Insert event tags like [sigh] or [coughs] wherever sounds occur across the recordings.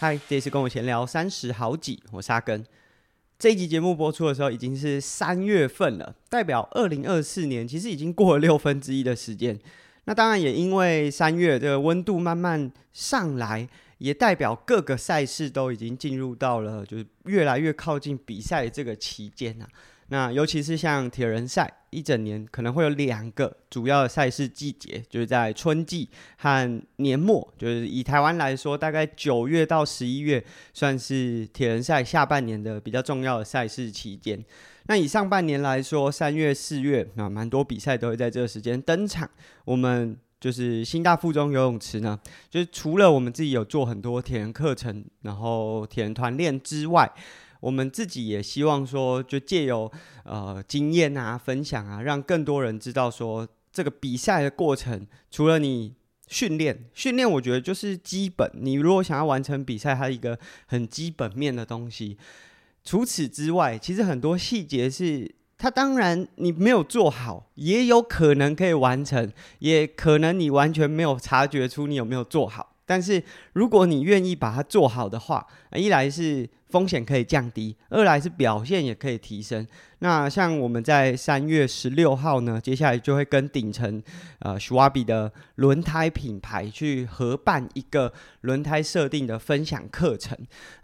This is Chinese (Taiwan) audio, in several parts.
嗨，Hi, 這次跟我閒聊三十好幾，我是阿耕。這一集節目播出的時候已經是三月份了，代表二零二四年其實已經過了六分之一的時間。那當然也因為三月這個溫度慢慢上來，也代表各個賽事都已經進入到了就是越來越靠近比賽這個期間吶、啊。那尤其是像鐵人賽，一整年可能會有兩個主要的賽事季節，就是在春季和年末。就是以台灣來說，大概九月到十一月算是鐵人賽下半年的比較重要的賽事期間。那以上半年來說，三月、四月啊，蠻多比賽都會在這個時間登場。我們就是新大附中游泳池呢，就是除了我們自己有做很多鐵人課程，然後鐵人團練之外。我們自己也希望說就，就借由呃經驗啊、分享啊，讓更多人知道說，這個比賽的過程，除了你訓練，訓練我覺得就是基本，你如果想要完成比賽，它是一個很基本面的東西。除此之外，其實很多細節是，它當然你沒有做好，也有可能可以完成，也可能你完全沒有察覺出你有沒有做好。但是，如果你願意把它做好的話，一來是風險可以降低，二來是表現也可以提升。那像我們在三月十六號呢，接下來就會跟頂層呃 Schwalbe 的輪胎品牌去合辦一個輪胎設定的分享課程。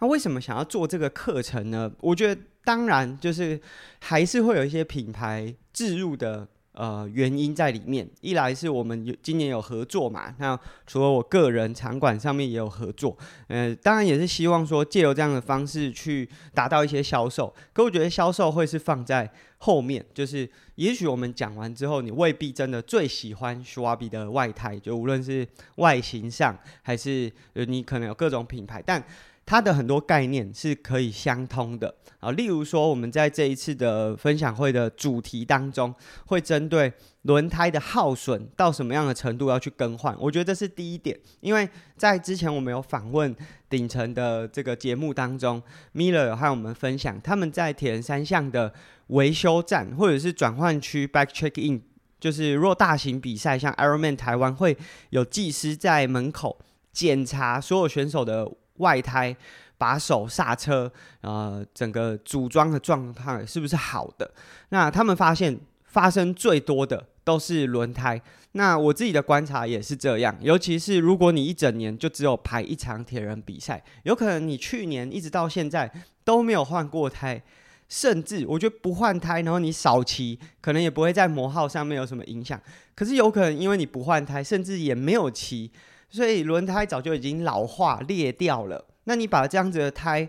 那為什麼想要做這個課程呢？我覺得，當然就是還是會有一些品牌置入的。呃，原因在裡面。一來是我們有今年有合作嘛，那除了我個人場館上面也有合作，呃，當然也是希望說借由這樣的方式去達到一些銷售。可我覺得銷售會是放在後面，就是也許我們講完之後，你未必真的最喜歡 Schwalbe 的外胎，就無論是外形上還是你可能有各種品牌，但。它的很多概念是可以相通的啊，例如說，我們在這一次的分享會的主題當中，會針對輪胎的耗損到什麼樣的程度要去更換，我覺得這是第一點。因為在之前我們有訪問頂層的這個節目當中，Miller 有和我們分享，他們在鐵人三項的維修站或者是轉換區 bike check in 就是若大型比賽，像 Ironman 台灣會有技師在門口檢查所有選手的。外胎、把手、剎車，呃，整個組裝的狀態是不是好的？那他們發現發生最多的都是輪胎。那我自己的觀察也是這樣，尤其是如果你一整年就只有排一場鐵人比賽，有可能你去年一直到現在都沒有換過胎，甚至我覺得不換胎，然後你少騎，可能也不會在磨耗上面有什麼影響。可是有可能因為你不換胎，甚至也沒有騎。所以輪胎早就已經老化裂掉了。那你把這樣子的胎，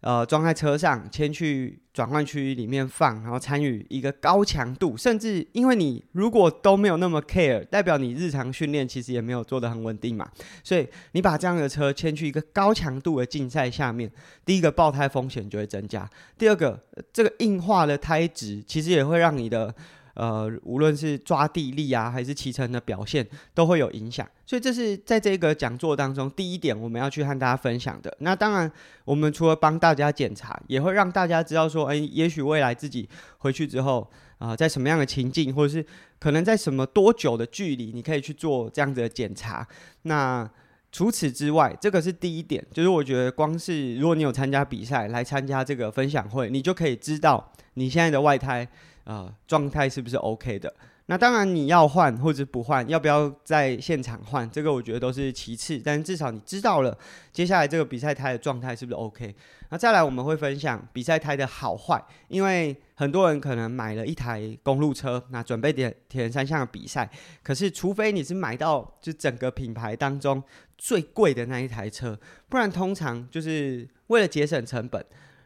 呃，裝在車上，牽去轉換區裡面放，然後參與一個高強度，甚至因為你如果都沒有那麼 care，代表你日常訓練其實也沒有做得很穩定嘛。所以你把這樣的車牽去一個高強度的競賽下面，第一個爆胎風險就會增加，第二個，呃，這個硬化的胎質其實也會讓你的。呃，無論是抓地力啊，還是騎乘的表現，都會有影響。所以這是在這個講座當中第一點我們要去和大家分享的。那當然，我們除了幫大家檢查，也會讓大家知道說，哎、欸，也許未來自己回去之後啊、呃，在什麼樣的情境，或者是可能在什麼多久的距離，你可以去做這樣子的檢查。那除此之外，這個是第一點，就是我覺得光是如果你有參加比賽來參加這個分享會，你就可以知道你現在的外胎。啊，狀態、呃、是不是 OK 的？那當然你要換或者不換，要不要在現場換？這個我覺得都是其次，但是至少你知道了接下來這個比賽胎的狀態是不是 OK。那再來我們會分享比賽胎的好壞，因為很多人可能買了一台公路車，那準備鐵鐵人三項比賽，可是除非你是買到就整個品牌當中最貴的那一台車，不然通常就是為了節省成本。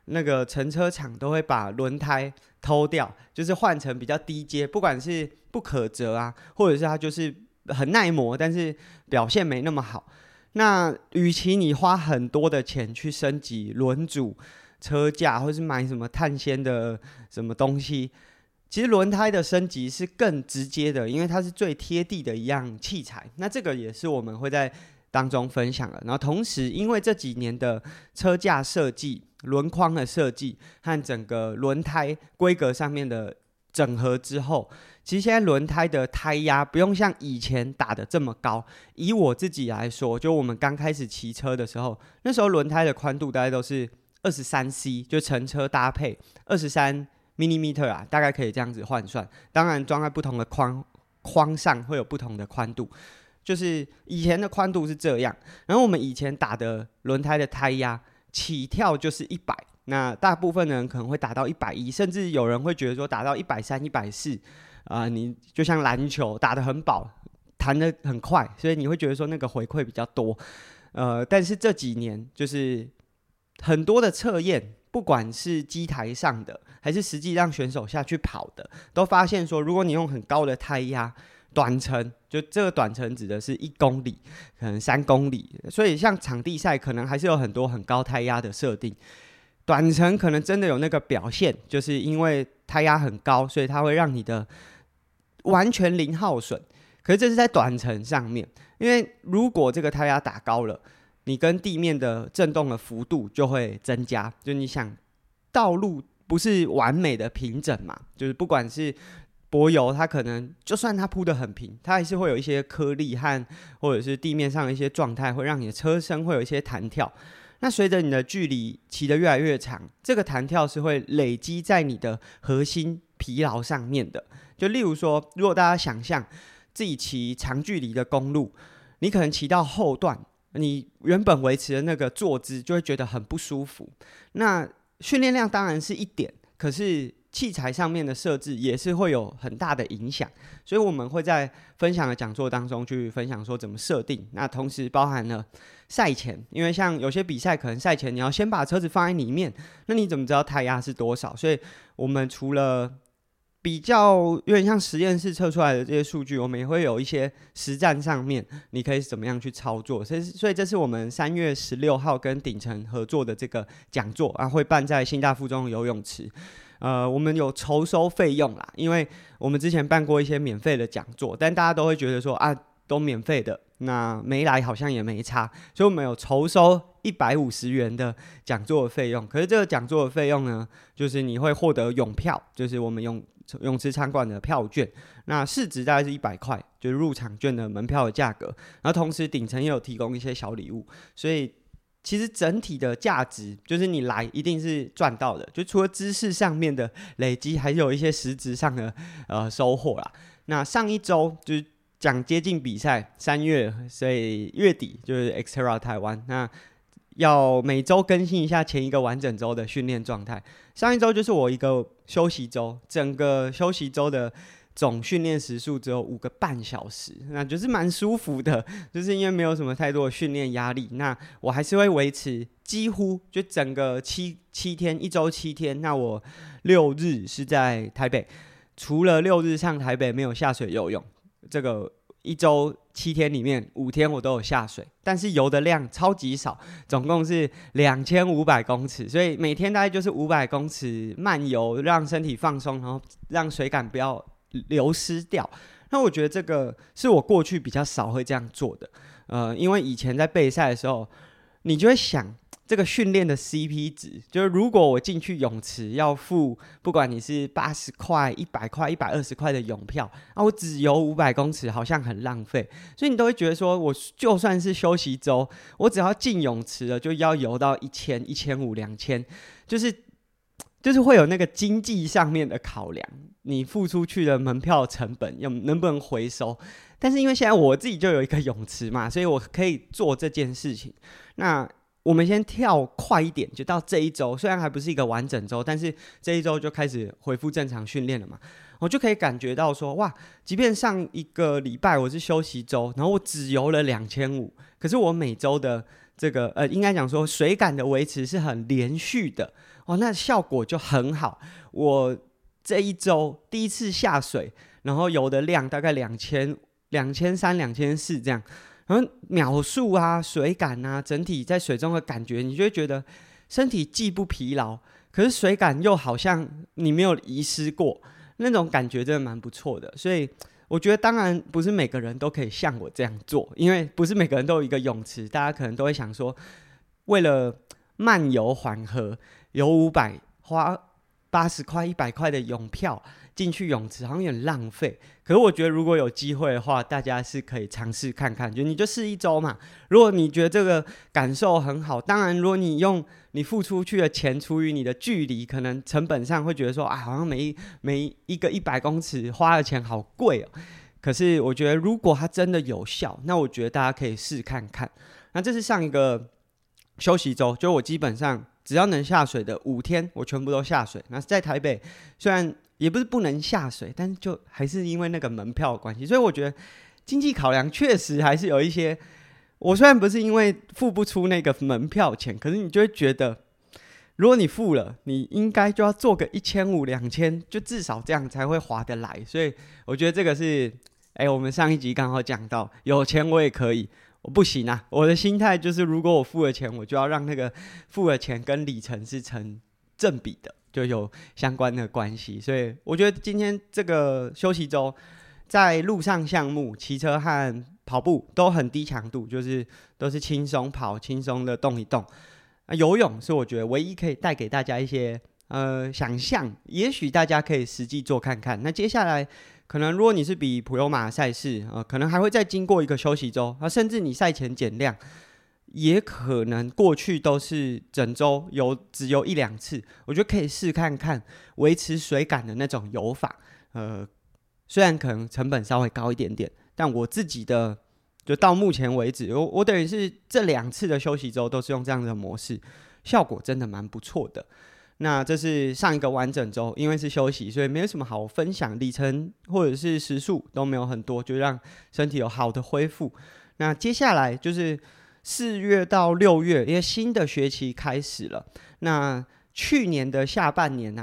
那個乘車廠都會把輪胎偷掉，就是換成比較低階，不管是不可折啊，或者是它就是很耐磨，但是表現沒那麼好。那與其你花很多的錢去升級輪組、車架，或是買什麼碳纖的什麼東西，其實輪胎的升級是更直接的，因為它是最貼地的一樣器材。那這個也是我們會在當中分享的。然後同時，因為這幾年的車架設計。輪框的設計和整個輪胎規格上面的整合之後，其實現在輪胎的胎壓不用像以前打的這麼高。以我自己來說，就我們剛開始騎車的時候，那時候輪胎的寬度大概都是 23C，就乘車搭配 23mm 啊，大概可以這樣子換算。當然，裝在不同的框框上會有不同的寬度，就是以前的寬度是這樣。然後我們以前打的輪胎的胎壓。起跳就是一百，那大部分人可能會達到一百一，甚至有人會覺得說達到一百三、一百四，啊，你就像籃球打得很飽，彈得很快，所以你會覺得說那個回饋比較多，呃，但是這幾年就是很多的測驗，不管是機台上的，還是實際讓選手下去跑的，都發現說，如果你用很高的胎壓。短程就這個短程，指的是一公里，可能三公里。所以像場地賽，可能還是有很多很高胎壓的設定。短程可能真的有那個表現，就是因為胎壓很高，所以它會讓你的完全零耗損。可是這是在短程上面，因為如果這個胎壓打高了，你跟地面的震動的幅度就會增加。就你想，道路不是完美的平整嘛，就是不管是。柏油它可能就算它鋪得很平，它還是會有一些顆粒和或者是地面上的一些狀態，會讓你的車身會有一些彈跳。那隨着你的距離騎得越來越長，這個彈跳是會累積在你的核心疲勞上面的。就例如說，如果大家想象自己騎長距離的公路，你可能騎到後段，你原本維持的那個坐姿就會覺得很不舒服。那訓練量當然是一點，可是。器材上面的設置也是會有很大的影響，所以我們會在分享的講座當中去分享說怎麼設定。那同時包含了賽前，因為像有些比賽可能賽前你要先把車子放在裡面，那你怎麼知道胎壓是多少？所以我們除了比較有點像實驗室測出來的這些數據，我們也會有一些實戰上面你可以怎麼樣去操作。所以，所以這是我們三月十六號跟頂層合作的這個講座啊，會辦在新大附中的游泳池。呃，我們有籌收費用啦，因為我們之前辦過一些免費的講座，但大家都會覺得說啊，都免費的，那沒來好像也沒差，所以我們有籌收一百五十元的講座費用。可是這個講座的費用呢，就是你會獲得泳票，就是我們泳泳池場館的票券，那市值大概是一百塊，就是入場券的門票的價格。然後同時頂層也有提供一些小禮物，所以。其實整體的價值就是你來一定是賺到的，就除了知識上面的累積，還有一些實質上的呃收穫啦。那上一周就是講接近比賽三月，所以月底就是 XTERRA 台灣，那要每周更新一下前一個完整周的訓練狀態。上一周就是我一個休息周，整個休息周的。總訓練時數只有五個半小時，那就是蠻舒服的，就是因為沒有什麼太多的訓練壓力。那我還是會維持幾乎就整個七七天，一周七天，那我六日是在台北，除了六日上台北沒有下水游泳，這個一周七天裡面五天我都有下水，但是游的量超級少，總共是兩千五百公尺，所以每天大概就是五百公尺慢游，讓身體放鬆，然後讓水感不要流失掉，那我覺得這個是我過去比較少會這樣做的，呃，因為以前在備賽的時候，你就會想這個訓練的 CP 值，就是如果我進去泳池要付，不管你是八十塊、一百塊、一百二十塊的泳票，那、啊、我只游五百公尺，好像很浪費，所以你都會覺得說，我就算是休息周，我只要進泳池了，就要游到一千、一千五、兩千，就是。就是會有那個經濟上面的考量，你付出去的門票成本，有能不能回收？但是因為現在我自己就有一個泳池嘛，所以我可以做這件事情。那我們先跳快一點，就到這一周，雖然還不是一個完整周，但是這一周就開始恢復正常訓練了嘛，我就可以感覺到說，哇，即便上一個禮拜我是休息周，然後我只游了兩千五，可是我每周的這個呃，應該講說水感的維持是很連續的。哦，那效果就很好。我這一周第一次下水，然後游的量大概兩千、兩千三、兩千四這樣。然後秒數啊、水感啊，整體在水中的感覺，你就會覺得身體既不疲勞，可是水感又好像你沒有遺失過那種感覺，真的蠻不錯的。所以我覺得，當然不是每個人都可以像我這樣做，因為不是每個人都有一個泳池。大家可能都會想說，為了慢游緩和。有五百花八十塊、一百塊的泳票進去泳池，好像有點浪費。可是我覺得，如果有機會的話，大家是可以嘗試看看。就你就試一周嘛。如果你覺得這個感受很好，當然，如果你用你付出去的錢，除以你的距離，可能成本上會覺得說，啊，好像每一每一個一百公尺花的錢好貴哦。可是我覺得，如果它真的有效，那我覺得大家可以試看看。那這是上一個休息周，就我基本上。只要能下水的五天，我全部都下水。那在台北，雖然也不是不能下水，但是就還是因為那個門票的關係。所以我覺得經濟考量確實還是有一些。我雖然不是因為付不出那個門票錢，可是你就會覺得，如果你付了，你應該就要做個一千五、兩千，就至少這樣才會划得來。所以我覺得這個是，哎、欸，我們上一集剛好講到，有錢我也可以。我不行啊！我的心態就是，如果我付了錢，我就要讓那個付了錢跟里程是成正比的，就有相關的關係。所以我覺得今天這個休息週，在路上項目、騎車和跑步都很低強度，就是都是輕鬆跑、輕鬆的動一動。啊，游泳是我覺得唯一可以帶給大家一些呃想象，也許大家可以實際做看看。那接下來。可能如果你是比普悠瑪賽事啊、呃，可能還會再經過一個休息周啊，甚至你賽前減量，也可能過去都是整周有，只有一兩次，我覺得可以試看看維持水感的那種游法。呃，雖然可能成本稍微高一點點，但我自己的就到目前為止，我我等於是這兩次的休息周都是用這樣的模式，效果真的蠻不錯的。那這是上一個完整周，因為是休息，所以沒有什麼好分享，里程或者是時數都沒有很多，就讓身體有好的恢復。那接下來就是四月到六月，因為新的學期開始了。那去年的下半年呢、啊，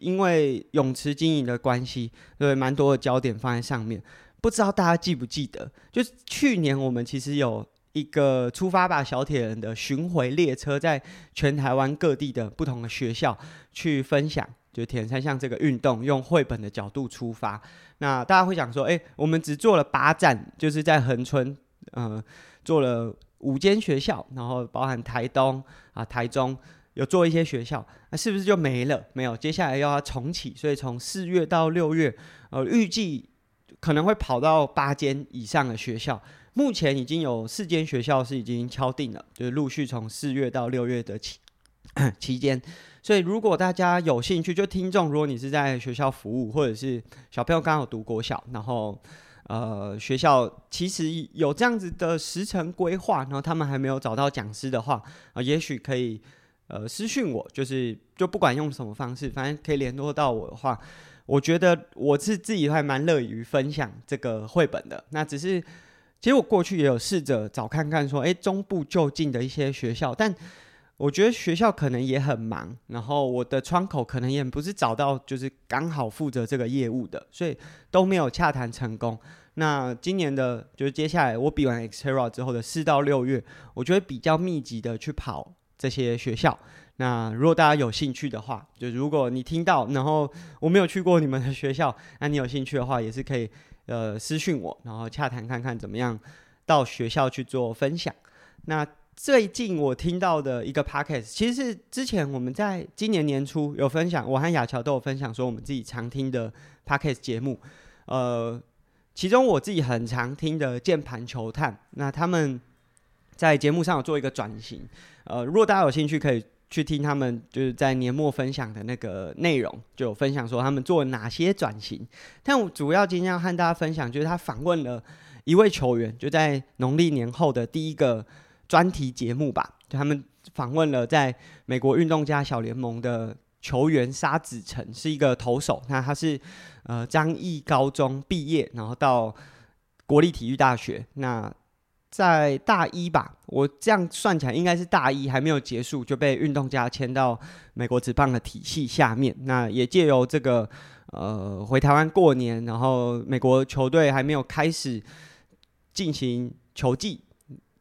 因為泳池經營的關係，所以蠻多的焦點放在上面，不知道大家記不記得，就是去年我們其實有。一個出發吧，小鐵人的巡迴列車在全台灣各地的不同的學校去分享，就是，鐵人三項這個運動，用繪本的角度出發。那大家會想說，哎、欸，我們只做了八站，就是在恆春，呃，做了五間學校，然後包含台東啊、台中有做一些學校，那、啊、是不是就沒了？沒有，接下來要，要重啟，所以從四月到六月，呃，預計可能會跑到八間以上的學校。目前已經有四間學校是已經敲定了，就是陸續從四月到六月的期 [coughs] 期間，所以如果大家有興趣，就聽眾，如果你是在學校服務，或者是小朋友剛好讀國小，然後呃學校其實有這樣子的時程規劃，然後他們還沒有找到講師的話，啊、呃，也許可以呃私訊我，就是就不管用什麼方式，反正可以聯絡到我的話，我覺得我是自己還蠻樂於分享這個繪本的，那只是。其實我過去也有試着找看看，說，誒中部就近的一些學校，但我覺得學校可能也很忙，然後我的窗口可能也不是找到，就是剛好負責這個業務的，所以都沒有洽談成功。那今年的就是接下來我比完 XTERRA 之後的四到六月，我就會比較密集的去跑這些學校。那如果大家有興趣的話，就如果你聽到，然後我沒有去過你們的學校，那你有興趣的話也是可以。呃，私訊我，然後洽談看看怎麼樣到學校去做分享。那最近我聽到的一個 podcast，其實是之前我們在今年年初有分享，我和雅喬都有分享說我們自己常聽的 podcast 節目。呃，其中我自己很常聽的《鍵盤球探》，那他們在節目上有做一個轉型。呃，如果大家有興趣，可以。去聽他們就是在年末分享的那個內容，就有分享說他們做了哪些轉型。但我主要今天要和大家分享，就是他訪問了一位球員，就在農曆年後的第一個專題節目吧，就他們訪問了在美國運動家小聯盟的球員沙子宸，是一個投手。那他是呃張毅高中畢業，然後到國立體育大學那。在大一吧，我這樣算起來應該是大一還沒有結束就被運動家簽到美國職棒的體系下面。那也借由這個，呃，回台灣過年，然後美國球隊還沒有開始進行球季。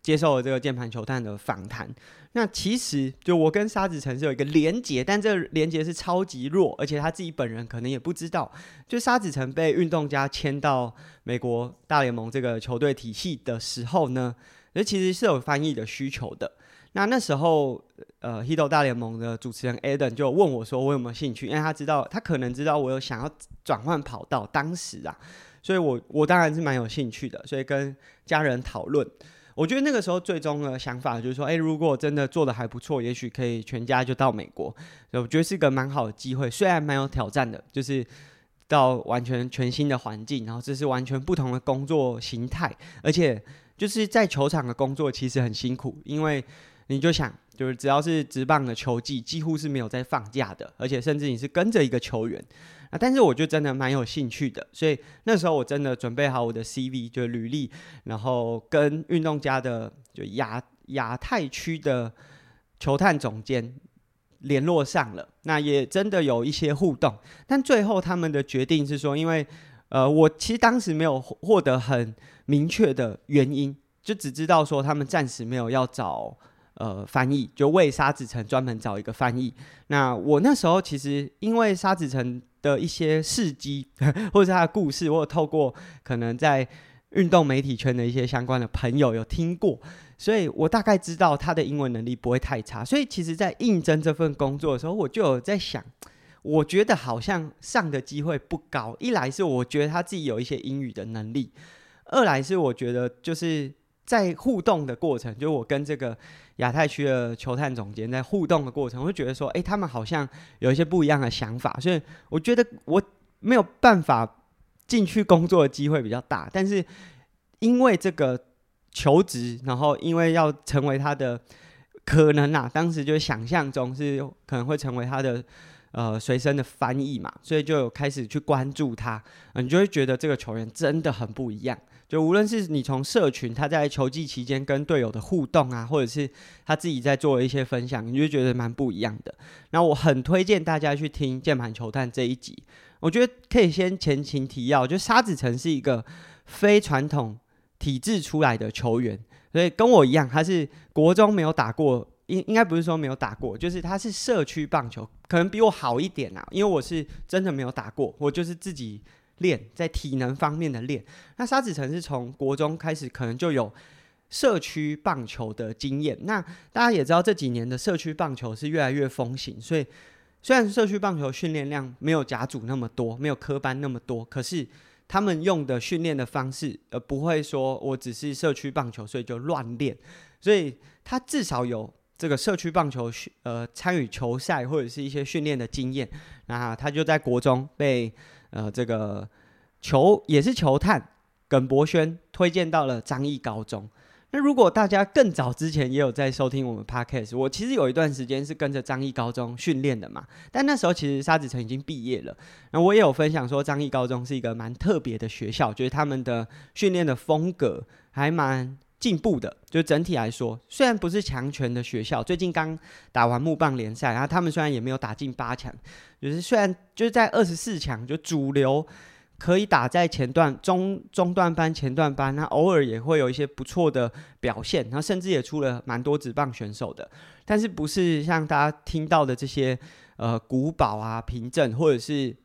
接受了這個鍵盤球探的訪談。那其實就我跟沙子宸是有一個連結，但這個連接是超級弱，而且他自己本人可能也不知道。就沙子宸被運動家簽到美國大聯盟這個球隊體系的時候呢，那其實是有翻譯的需求的。那那時候，呃，Hito 大聯盟的主持人 Adam 就問我說：“我有沒有興趣？”因為他知道，他可能知道我有想要轉換跑道。當時啊，所以我我當然是蠻有興趣的，所以跟家人討論。我覺得那個時候最終的想法就是說，誒、欸，如果真的做得還不錯，也許可以全家就到美國。所以我覺得是個蠻好的機會，雖然蠻有挑戰的，就是到完全全新的環境，然後這是完全不同的工作形態，而且就是在球場的工作其實很辛苦，因為你就想，就是只要是職棒的球季，幾乎是沒有在放假的，而且甚至你是跟着一個球員。啊，但是我就真的蠻有興趣的，所以那時候我真的準備好我的 CV，就履歷，然後跟運動家的就亞亞太區的球探總監聯絡上了，那也真的有一些互動，但最後他們的決定是說，因為呃，我其實當時沒有獲得很明確的原因，就只知道說他們暫時沒有要找呃翻譯，就為沙子宸專門找一個翻譯。那我那時候其實因為沙子宸。有一些事蹟，或者是他的故事，我有透過可能在運動媒體圈的一些相關的朋友有聽過，所以我大概知道他的英文能力不會太差，所以其實在應徵這份工作的時候，我就有在想，我覺得好像上的機會不高，一來是我覺得他自己有一些英語的能力，二來是我覺得就是。在互動的過程，就是我跟這個亞太區的球探總監在互動的過程，我會覺得說，哎、欸，他們好像有一些不一樣的想法，所以我覺得我沒有辦法進去工作的機會比較大。但是因為這個求職，然後因為要成為他的可能啊，當時就想象中是可能會成為他的呃隨身的翻譯嘛，所以就有開始去關注他，啊、你就會覺得這個球員真的很不一樣。就無論是你從社群，他在球季期間跟隊友的互動啊，或者是他自己在做一些分享，你就覺得蠻不一樣的。那我很推薦大家去聽《鍵盤球探》這一集，我覺得可以先前情提要，就沙子宸是一個非傳統體制出來的球員，所以跟我一樣，他是國中沒有打過，應應該不是說沒有打過，就是他是社區棒球，可能比我好一點啦，啊，因為我是真的沒有打過，我就是自己。練在體能方面的練，那沙子宸是從國中開始，可能就有社區棒球的經驗。那大家也知道，這幾年的社區棒球是越來越風行，所以雖然社區棒球訓練量沒有甲組那麼多，沒有科班那麼多，可是他們用的訓練的方式，而、呃、不會說我只是社區棒球，所以就亂練。所以他至少有這個社區棒球，呃，參與球賽或者是一些訓練的經驗。那他就在國中被。呃，這個球也是球探耿博軒推薦到了張毅高中。那如果大家更早之前也有在收聽我們 Podcast，我其實有一段時間是跟着張毅高中訓練的嘛。但那時候其實沙子宸已經畢業了，那我也有分享說張毅高中是一個蠻特別的學校，覺得他們的訓練的風格還蠻。進步的，就整體來說，雖然不是強權的學校，最近剛打完木棒聯賽，然後他們雖然也沒有打進八強，就是雖然就是在二十四強，就主流可以打在前段、中中段班、前段班，那偶爾也會有一些不錯的表現，然後甚至也出了蠻多職棒選手的，但是不是像大家聽到的這些呃穀保啊、平鎮或者是。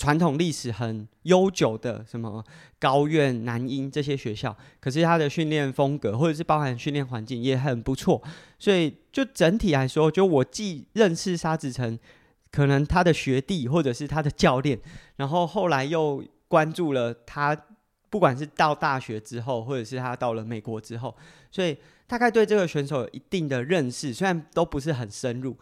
傳統歷史很悠久的什麼高院、南英這些學校，可是他的訓練風格或者是包含訓練環境也很不錯，所以就整體來說，就我既認識沙子宸，可能他的學弟或者是他的教練，然後後來又關注了他，不管是到大學之後，或者是他到了美國之後，所以大概對這個選手有一定的認識，雖然都不是很深入，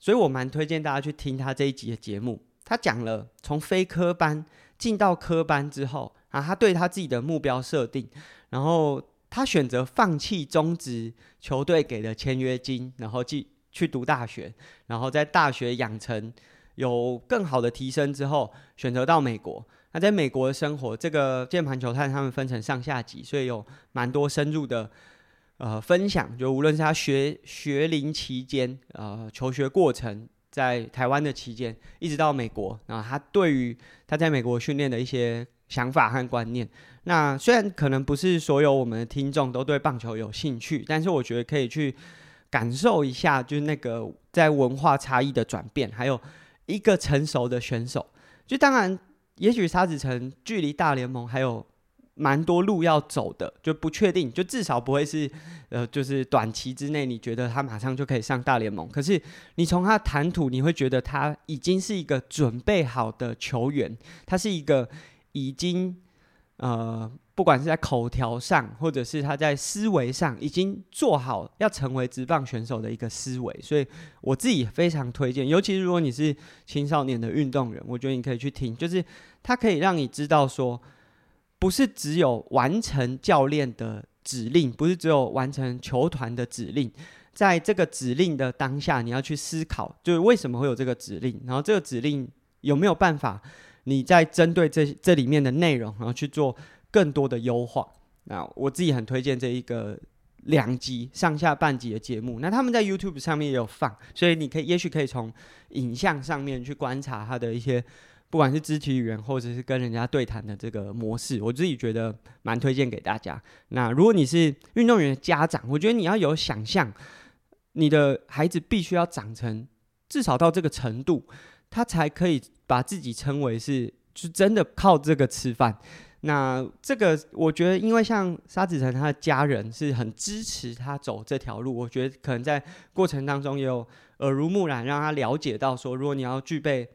所以我蠻推薦大家去聽他這一集的節目。他講了從非科班進到科班之後啊，他對他自己的目標設定，然後他選擇放棄中職球隊給的簽約金，然後去、去讀大學，然後在大學養成有更好的提升之後，選擇到美國。那在美國的生活，這個鍵盤球探他們分成上下集，所以有蠻多深入的呃分享，就無論是他學學齡期間呃，求學過程。在台灣的期間，一直到美國，然後他對於他在美國訓練的一些想法和觀念。那雖然可能不是所有我們的聽眾都對棒球有興趣，但是我覺得可以去感受一下，就是那個在文化差異的轉變，還有一個成熟的選手。就當然，也許沙子宸距離大聯盟還有。蠻多路要走的，就不確定，就至少不會是，呃，就是短期之內，你覺得他馬上就可以上大聯盟。可是你從他談吐，你會覺得他已經是一個準備好的球員，他是一個已經，呃，不管是在口條上，或者是他在思維上，已經做好要成為職棒選手的一個思維。所以我自己非常推薦，尤其是如果你是青少年的運動員，我覺得你可以去聽，就是他可以讓你知道說。不是只有完成教練的指令，不是只有完成球團的指令，在這個指令的當下，你要去思考，就是為什麼會有這個指令，然後這個指令有沒有辦法，你在針對這這裡面的內容，然後去做更多的優化。那我自己很推薦這一個兩集上下半集的節目，那他們在 YouTube 上面也有放，所以你可以也許可以從影像上面去觀察他的一些。不管是肢體語言，或者是跟人家對談的這個模式，我自己覺得蠻推薦給大家。那如果你是運動員的家長，我覺得你要有想象，你的孩子必須要長成至少到這個程度，他才可以把自己稱為是，就真的靠這個吃飯。那這個我覺得，因為像沙子宸他的家人是很支持他走這條路，我覺得可能在過程當中也有耳濡目染，讓他了解到說，如果你要具備。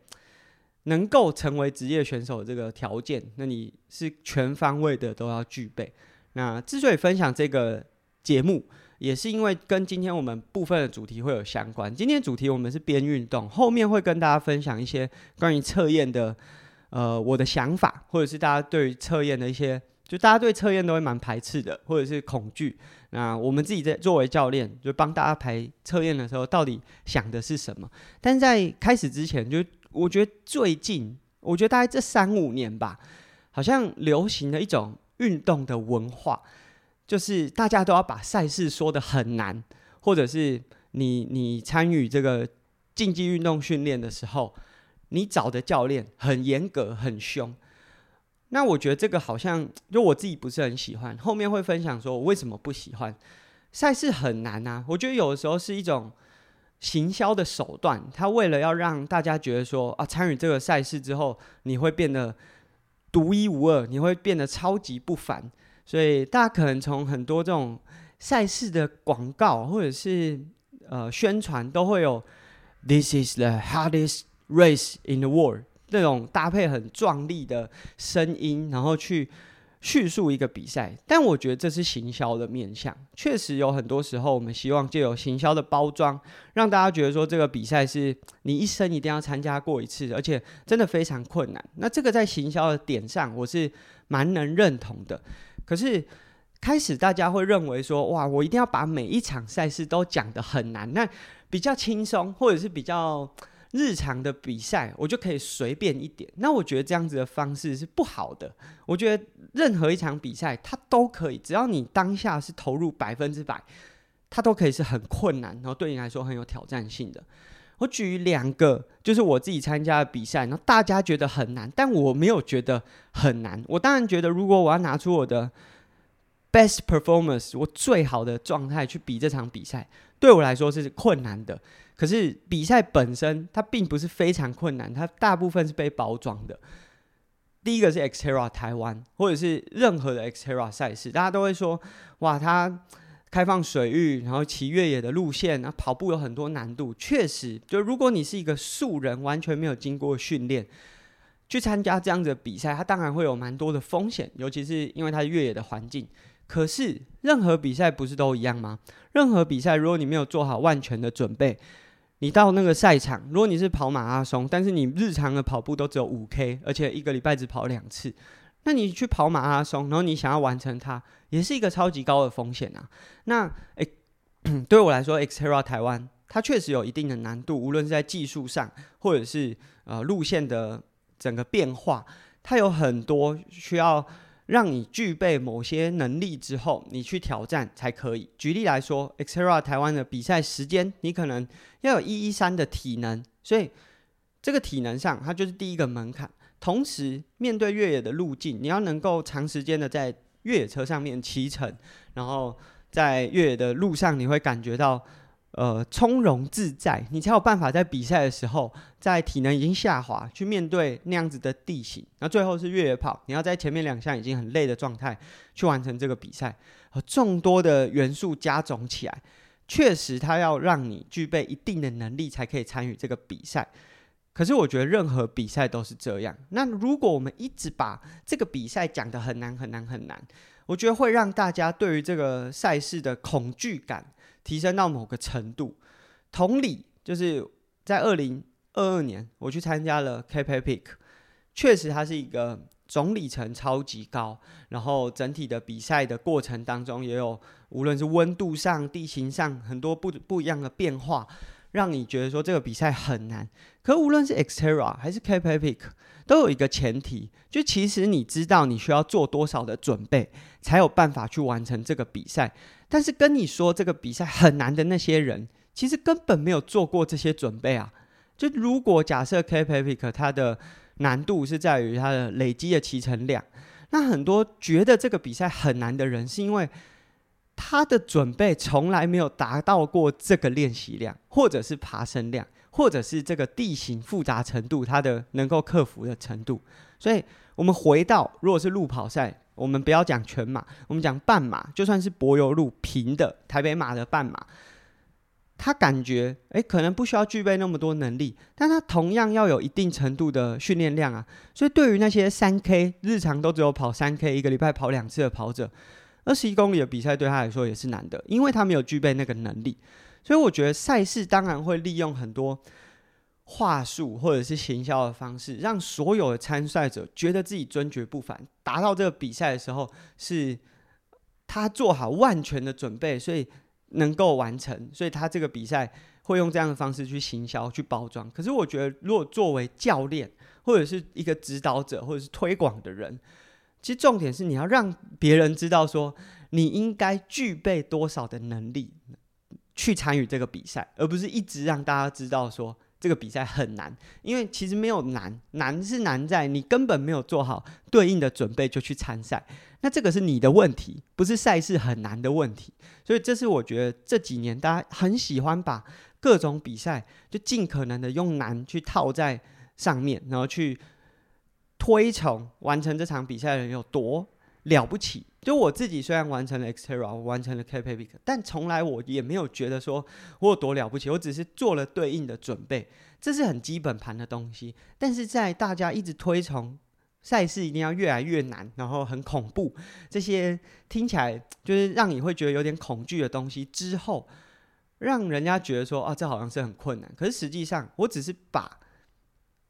能夠成為職業選手的這個條件，那你是全方位的都要具備。那之所以分享這個節目，也是因為跟今天我們部分的主題會有相關。今天主題我們是邊運動，後面會跟大家分享一些關於測驗的，呃，我的想法，或者是大家對於測驗的一些，就大家對測驗都會蠻排斥的，或者是恐懼。那我們自己在作為教練，就幫大家排測驗的時候，到底想的是什麼？但在開始之前就。我覺得最近，我覺得大概這三五年吧，好像流行了一種運動的文化，就是大家都要把賽事說得很難，或者是你你參與這個競技運動訓練的時候，你找的教練很嚴格、很兇。那我覺得這個好像，就我自己不是很喜歡。後面會分享說我為什麼不喜歡賽事很難啊？我覺得有的時候是一種。行銷的手段，他為了要讓大家覺得說啊，參與這個賽事之後，你會變得獨一無二，你會變得超級不凡，所以大家可能從很多這種賽事的廣告或者是呃宣傳都會有，This is the hardest race in the world。這種搭配很壯麗的聲音，然後去。敘述一個比賽，但我覺得這是行銷的面向，確實有很多時候我們希望借由行銷的包裝，讓大家覺得說這個比賽是你一生一定要參加過一次，而且真的非常困難。那這個在行銷的點上，我是蠻能認同的。可是開始大家會認為說，哇，我一定要把每一場賽事都講得很難，那比較輕鬆，或者是比較。日常的比賽，我就可以隨便一點。那我覺得這樣子的方式是不好的。我覺得任何一場比賽，它都可以，只要你當下是投入百分之百，它都可以是很困難，然後對你來說很有挑戰性的。我舉兩個，就是我自己參加的比賽，然後大家覺得很難，但我沒有覺得很難。我當然覺得，如果我要拿出我的 best performance，我最好的狀態去比這場比賽。對我來說是困難的，可是比賽本身它並不是非常困難，它大部分是被包裝的。第一個是 XTERRA 台灣，或者是任何的 XTERRA 賽事，大家都會說哇，它開放水域，然後騎越野的路線啊，跑步有很多難度。確實，就如果你是一個素人，完全沒有經過訓練，去參加這樣子的比賽，它當然會有蠻多的風險，尤其是因為它是越野的環境。可是，任何比賽不是都一樣嗎？任何比賽，如果你沒有做好萬全的準備，你到那個賽場，如果你是跑馬拉松，但是你日常的跑步都只有五 K，而且一個禮拜只跑兩次，那你去跑馬拉松，然後你想要完成它，也是一個超級高的風險啊。那，誒、欸，對我來說，Xterra 台灣，Taiwan, 它確實有一定的難度，無論是在技術上，或者是呃路線的整個變化，它有很多需要。讓你具備某些能力之後，你去挑戰才可以。舉例來說，Xterra 台灣的比賽時間，你可能要有一一三的體能，所以這個體能上它就是第一個門檻。同時，面對越野的路徑，你要能夠長時間的在越野車上面騎乘，然後在越野的路上，你會感覺到。呃，從容自在，你才有辦法在比賽的時候，在體能已經下滑，去面對那樣子的地形。那最後是越野跑，你要在前面兩項已經很累的狀態，去完成這個比賽。和眾多的元素加總起來，確實，它要讓你具備一定的能力才可以參與這個比賽。可是，我覺得任何比賽都是這樣。那如果我們一直把這個比賽講得很難很難很難，我覺得會讓大家對於這個賽事的恐懼感提升到某個程度，同理，就是在二零二二年，我去參加了 Cape Epic，確實它是一個總里程超級高，然後整體的比賽的過程當中，也有無論是溫度上、地形上很多不不一樣的變化，讓你覺得說這個比賽很難。可無論是 XTERRA 還是 Cape Epic 都有一個前提，就其實你知道你需要做多少的準備，才有辦法去完成這個比賽。但是跟你說這個比賽很難的那些人，其實根本沒有做過這些準備啊。就如果假設 Cape Epic 它的難度是在於它的累積的騎乘量，那很多覺得這個比賽很難的人，是因為他的準備從來沒有達到過這個練習量或者是爬升量。或者是這個地形複雜程度，它的能夠克服的程度。所以，我們回到，如果是路跑賽，我們不要講全馬，我們講半馬，就算是柏油路平的台北馬的半馬，他感覺誒、欸、可能不需要具備那麼多能力，但他同樣要有一定程度的訓練量啊。所以，對於那些三 K 日常都只有跑三 K，一個禮拜跑兩次的跑者，二十一公里的比賽對他來說也是難的，因為他沒有具備那個能力。所以我覺得賽事當然會利用很多話術或者是行銷的方式，讓所有的參賽者覺得自己尊爵不凡，達到這個比賽的時候是他做好萬全的準備，所以能夠完成。所以他這個比賽會用這樣的方式去行銷、去包裝。可是我覺得，如果作為教練或者是一個指導者或者是推廣的人，其實重點是你要讓別人知道說你應該具備多少的能力去參與這個比賽，而不是一直讓大家知道說這個比賽很難，因為其實沒有難，難是難在你根本沒有做好對應的準備就去參賽，那這個是你的問題，不是賽事很難的問題。所以這是我覺得這幾年大家很喜歡把各種比賽就盡可能的用難去套在上面，然後去推崇完成這場比賽的人有多了不起！就我自己，雖然完成了 Xterra，我完成了 Cape Epic，但從來我也沒有覺得說我有多了不起。我只是做了對應的準備，這是很基本盤的東西。但是在大家一直推崇賽事一定要越來越難，然後很恐怖這些聽起來就是讓你會覺得有點恐懼的東西之後，讓人家覺得說啊，這好像是很困難。可是實際上，我只是把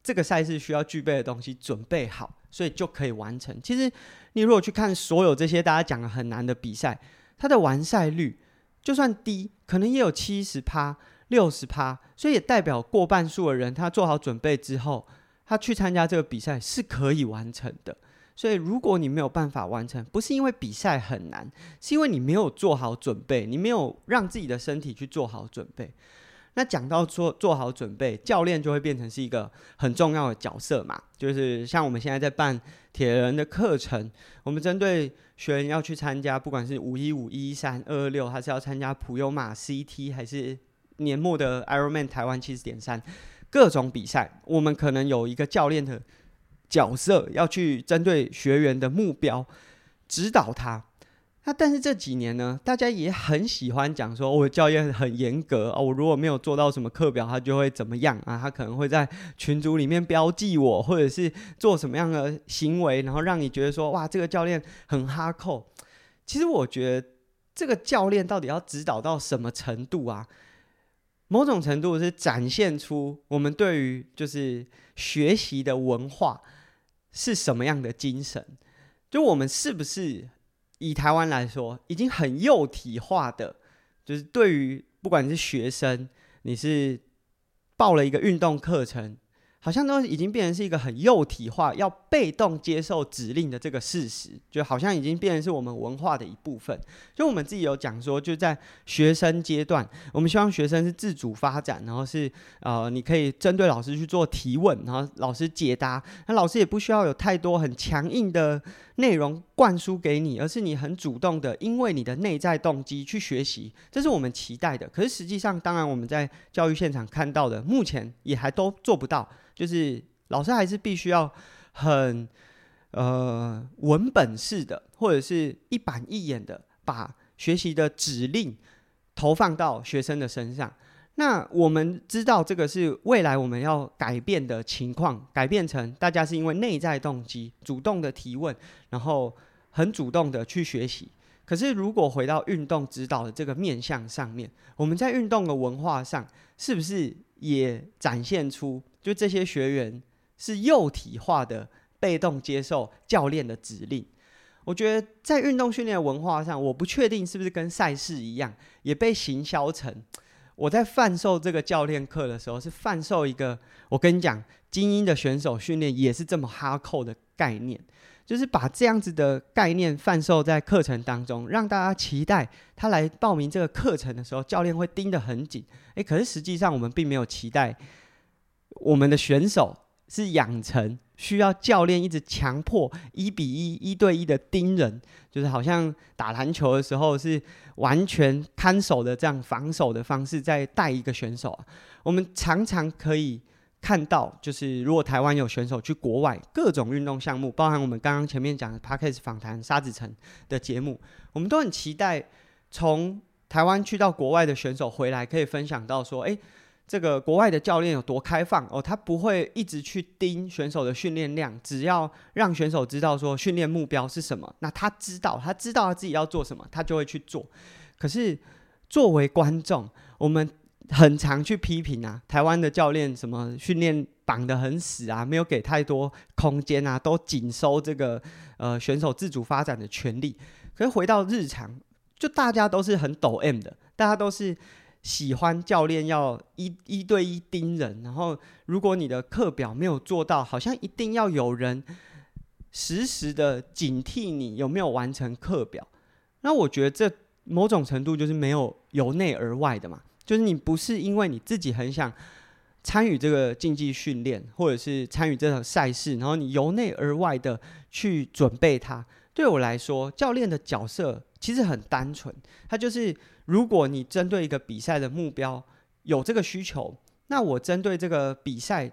這個賽事需要具備的東西準備好，所以就可以完成。其實。你如果去看所有這些大家講的很難的比賽，它的完賽率就算低，可能也有七十趴、六十趴，所以也代表過半數的人，他做好準備之後，他去參加這個比賽是可以完成的。所以如果你沒有辦法完成，不是因為比賽很難，是因為你沒有做好準備，你沒有讓自己的身體去做好準備。那講到做做好準備，教練就會變成是一個很重要的角色嘛。就是像我們現在在辦鐵人的課程，我們針對學員要去參加，不管是五一五一一三二二六，還是要參加普悠馬、CT，還是年末的 Ironman 台灣七十點三各種比賽，我們可能有一個教練的角色，要去針對學員的目標指導他。那但是這幾年呢，大家也很喜歡講說，哦，我教練很嚴格哦，我如果沒有做到什麼課表，他就會怎麼樣啊？他可能會在群組裡面標記我，或者是做什麼樣的行為，然後讓你覺得說，哇，這個教練很哈扣。其實我覺得，這個教練到底要指導到什麼程度啊？某種程度是展現出我們對於就是學習的文化是什麼樣的精神，就我們是不是？以台灣來說，已經很幼體化的，就是對於不管你是學生，你是報了一個運動課程。好像都已經變成是一個很幼體化，要被動接受指令的這個事實，就好像已經變成是我們文化的一部分。所以，我們自己有講說，就在學生階段，我們希望學生是自主發展，然後是呃，你可以針對老師去做提問，然後老師解答。那老師也不需要有太多很強硬的內容灌輸給你，而是你很主動的，因為你的內在動機去學習，這是我們期待的。可是實際上，當然我們在教育現場看到的，目前也還都做不到。就是老師還是必須要很呃文本式的，或者是一板一眼的把學習的指令投放到學生的身上。那我們知道這個是未來我們要改變的情況，改變成大家是因為內在動機主動的提問，然後很主動的去學習。可是如果回到運動指導的這個面向上面，我們在運動的文化上是不是？也展現出，就這些學員是幼體化的，被動接受教練的指令。我覺得在運動訓練的文化上，我不確定是不是跟賽事一樣，也被行銷成。我在販售這個教練課的時候，是販售一個，我跟你講，精英的選手訓練也是這麼哈扣的。概念就是把這樣子的概念販售在課程當中，讓大家期待他來報名這個課程的時候，教練會盯得很緊。誒、欸，可是實際上我們並沒有期待我們的選手是養成需要教練一直強迫一比一一對一的盯人，就是好像打籃球的時候是完全看守的這樣防守的方式在帶一個選手，啊，我們常常可以，看到就是，如果台灣有選手去國外各種運動項目，包含我們剛剛前面講的 Podcast 訪談沙子宸的節目，我們都很期待從台灣去到國外的選手回來，可以分享到說，誒、欸，這個國外的教練有多開放哦，他不會一直去盯選手的訓練量，只要讓選手知道說訓練目標是什麼，那他知道，他知道他自己要做什麼，他就會去做。可是作為觀眾，我們。很常去批評啊，台灣的教練什麼訓練綁得很死啊，沒有給太多空間啊，都緊收這個呃選手自主發展的權利。可是回到日常，就大家都是很抖 M 的，大家都是喜歡教練要一一對一盯人，然後如果你的課表沒有做到，好像一定要有人實時的警惕你有沒有完成課表。那我覺得這某種程度就是沒有由內而外的嘛。就是你不是因為你自己很想參與這個競技訓練，或者是參與這場賽事，然後你由內而外的去準備它。對我來說，教練的角色其實很單純，他就是如果你針對一個比賽的目標有這個需求，那我針對這個比賽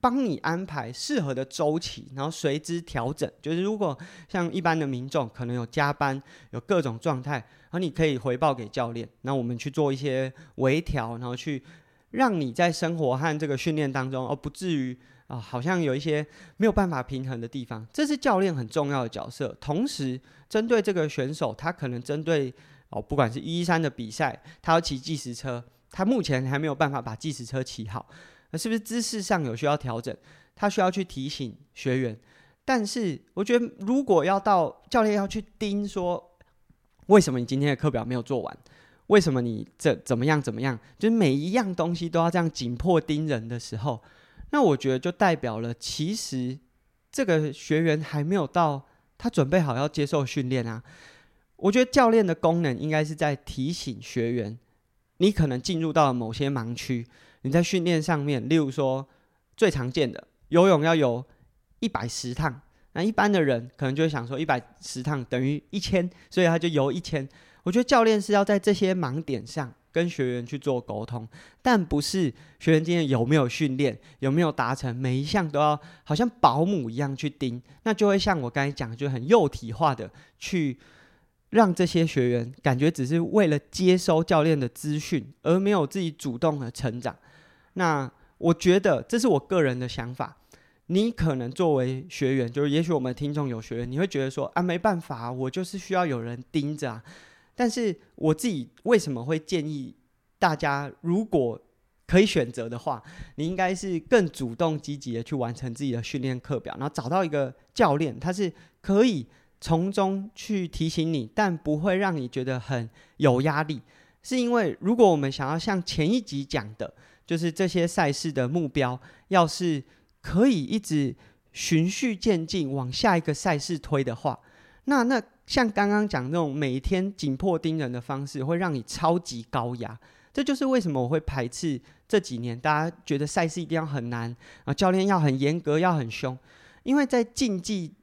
幫你安排適合的週期，然後隨之調整。就是如果像一般的民眾，可能有加班，有各種狀態，然後你可以回報給教練，那我們去做一些微調，然後去讓你在生活和這個訓練當中，而、哦、不至於啊、哦，好像有一些沒有辦法平衡的地方。這是教練很重要的角色。同時，針對這個選手，他可能針對哦，不管是一一三的比賽，他要騎計時車，他目前還沒有辦法把計時車騎好。是不是姿勢上有需要調整？他需要去提醒學員。但是我覺得，如果要到教練要去盯說，為什麼你今天的課表沒有做完？為什麼你這怎麼樣怎麼樣？就是每一樣東西都要這樣緊迫盯人的時候，那我覺得就代表了，其實這個學員還沒有到他準備好要接受訓練啊。我覺得教練的功能應該是在提醒學員，你可能進入到了某些盲區。你在訓練上面，例如說最常見的游泳要游一百十趟，那一般的人可能就會想說一百十趟等於一千，所以他就游一千。我覺得教練是要在這些盲點上跟學員去做溝通，但不是學員今天有沒有訓練，有沒有達成，每一項都要好像保姆一樣去盯，那就會像我剛才講的，就很幼體化的去讓這些學員感覺只是為了接收教練的資訊，而沒有自己主動的成長。那我覺得這是我個人的想法。你可能作為學員，就是也許我們聽眾有學員，你會覺得說啊，沒辦法，我就是需要有人盯著啊。但是我自己為什麼會建議大家，如果可以選擇的話，你應該是更主動積極的去完成自己的訓練課表，然後找到一個教練，他是可以從中去提醒你，但不會讓你覺得很有壓力。是因為如果我們想要像前一集講的。就是這些賽事的目標，要是可以一直循序漸進往下一個賽事推的話，那那像剛剛講那種每天緊迫盯人的方式，會讓你超級高壓。這就是為什麼我會排斥這幾年大家覺得賽事一定要很難啊，教練要很嚴格，要很凶。因為在競技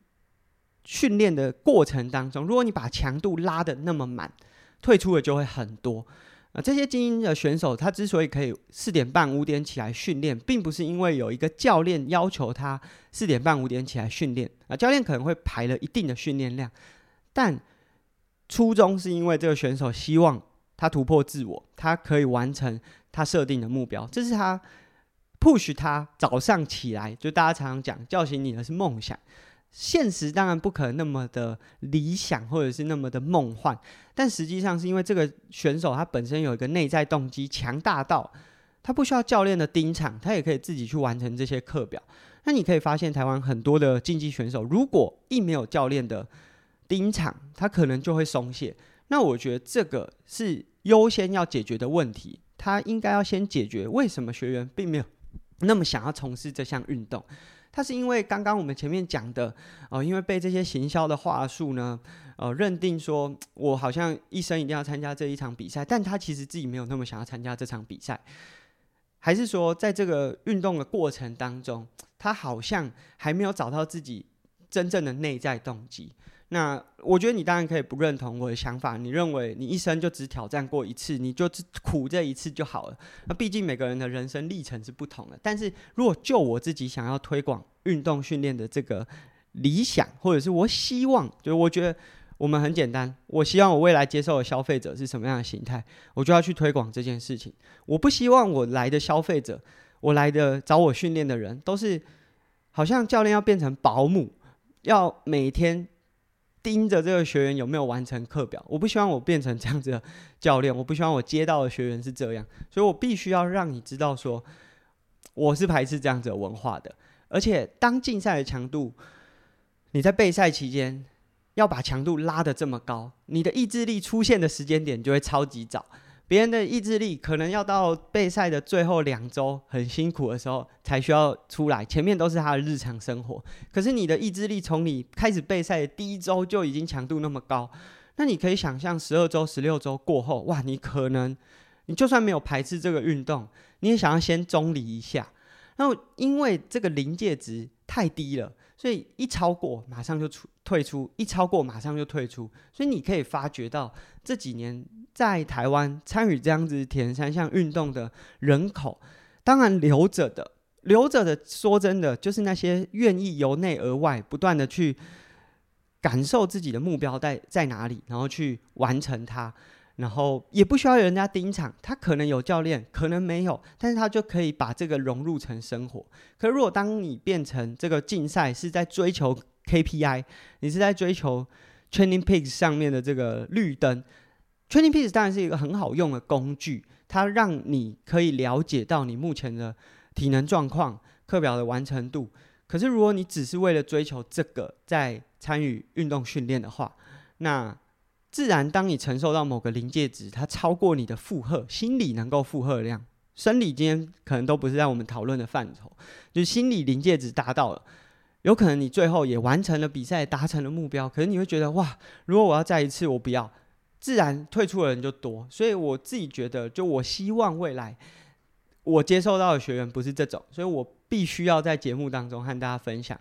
訓練的過程當中，如果你把強度拉得那麼滿，退出的就會很多。啊，這些精英的選手，他之所以可以四點半五點起來訓練，並不是因為有一個教練要求他四點半五點起來訓練。啊，教練可能會排了一定的訓練量，但初衷是因為這個選手希望他突破自我，他可以完成他設定的目標，這是他 push 他早上起來，就大家常常講，叫醒你的是夢想。現實當然不可能那麼的理想，或者是那麼的夢幻，但實際上是因為這個選手他本身有一個內在動機強大到，他不需要教練的盯場，他也可以自己去完成這些課表。那你可以發現，台灣很多的競技選手，如果一沒有教練的盯場，他可能就會鬆懈。那我覺得這個是優先要解決的問題，他應該要先解決為什麼學員並沒有那麼想要從事這項運動。他是因為剛剛我們前面講的，哦、呃，因為被這些行銷的話術呢，呃，認定說我好像一生一定要參加這一場比賽，但他其實自己沒有那麼想要參加這場比賽，還是說在這個運動的過程當中，他好像還沒有找到自己真正的內在動機？那我覺得你當然可以不認同我的想法，你認為你一生就只挑戰過一次，你就只苦這一次就好了。那畢竟每個人的人生歷程是不同的。但是如果就我自己想要推廣運動訓練的這個理想，或者是我希望，就是我覺得我們很簡單，我希望我未來接受的消費者是什麼樣的形態，我就要去推廣這件事情。我不希望我來的消費者，我來的找我訓練的人都是好像教練要變成保姆，要每天。盯着這個學員有沒有完成課表，我不希望我變成這樣子的教練，我不希望我接到的學員是這樣，所以我必須要讓你知道說，我是排斥這樣子的文化的，而且當競賽的強度，你在備賽期間要把強度拉得這麼高，你的意志力出現的時間點就會超級早。別人的意志力可能要到備賽的最後兩週很辛苦的時候才需要出來，前面都是他的日常生活。可是你的意志力從你開始備賽的第一周就已經強度那麼高，那你可以想象十二周、十六周過後，哇，你可能你就算沒有排斥這個運動，你也想要先中離一下。然後因為這個臨界值太低了。所以一超過，馬上就出退出；一超過，馬上就退出。所以你可以發覺到，這幾年在台灣參與這樣子鐵三項運動的人口，當然留着的，留着的，說真的，就是那些願意由內而外，不斷的去感受自己的目標在在哪裡，然後去完成它。然後也不需要人家盯場，他可能有教練，可能沒有，但是他就可以把這個融入成生活。可是如果當你變成這個競賽是在追求 KPI，你是在追求 Training Peaks 上面的這個綠燈，Training Peaks 當然是一個很好用的工具，它讓你可以了解到你目前的體能狀況、課表的完成度。可是如果你只是為了追求這個在參與運動訓練的話，那。自然，當你承受到某個臨界值，它超過你的負荷心理能夠負荷量，生理今天可能都不是在我們討論的範疇。就是心理臨界值達到了，有可能你最後也完成了比賽，達成了目標，可是你會覺得哇，如果我要再一次，我不要。自然退出的人就多，所以我自己覺得，就我希望未來我接受到的學員不是這種，所以我必須要在節目當中和大家分享。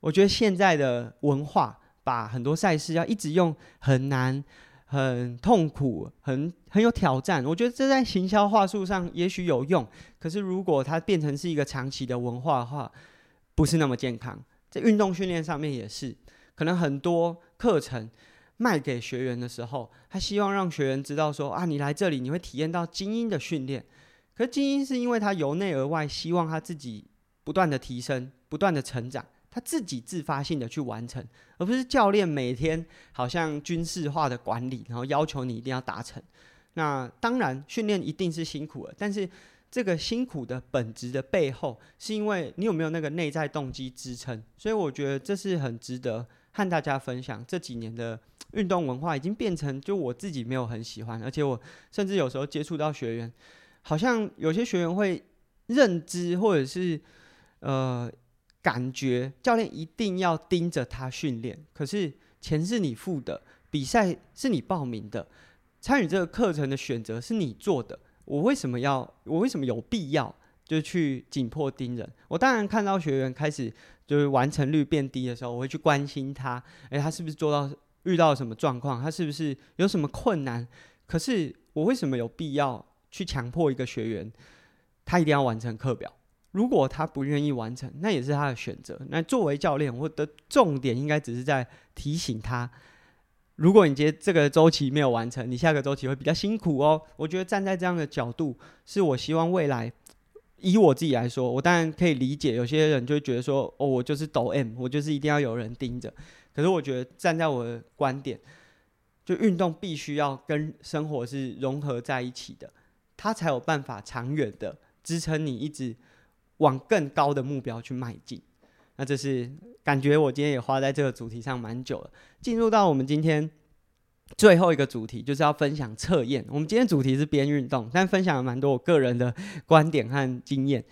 我覺得現在的文化。把很多賽事要一直用，很難、很痛苦、很很有挑戰。我覺得這在行銷話術上也許有用，可是如果它變成是一個長期的文化的話，不是那麼健康。在運動訓練上面也是，可能很多課程賣給學員的時候，他希望讓學員知道說啊，你來這裡你會體驗到精英的訓練。可是精英是因為他由內而外希望他自己不斷的提升、不斷的成長。他自己自發性的去完成，而不是教練每天好像軍事化的管理，然後要求你一定要達成。那當然訓練一定是辛苦的，但是這個辛苦的本質的背後，是因為你有沒有那個內在動機支撐。所以我覺得這是很值得和大家分享。這幾年的運動文化已經變成，就我自己沒有很喜歡，而且我甚至有時候接觸到學員，好像有些學員會認知或者是呃。感覺教練一定要盯着他訓練，可是錢是你付的，比賽是你報名的，參與這個課程的選擇是你做的，我為什麼要？我為什麼有必要就去緊迫盯人？我當然看到學員開始就是完成率變低的時候，我會去關心他，哎、欸，他是不是做到？遇到什麼狀況？他是不是有什麼困難？可是我為什麼有必要去強迫一個學員，他一定要完成課表？如果他不願意完成，那也是他的選擇。那作為教練，我的重點應該只是在提醒他，如果你接這個周期沒有完成，你下個周期會比較辛苦哦。我覺得站在這樣的角度，是我希望未來，以我自己來說，我當然可以理解，有些人就會覺得說，哦，我就是抖 M，我就是一定要有人盯着。可是我覺得站在我的觀點，就運動必須要跟生活是融合在一起的，它才有辦法長遠的支撐你一直。往更高的目標去邁進，那這是感覺我今天也花在這個主題上蠻久了。進入到我們今天最後一個主題，就是要分享測驗。我們今天的主題是邊運動，但分享了蠻多我個人的觀點和經驗。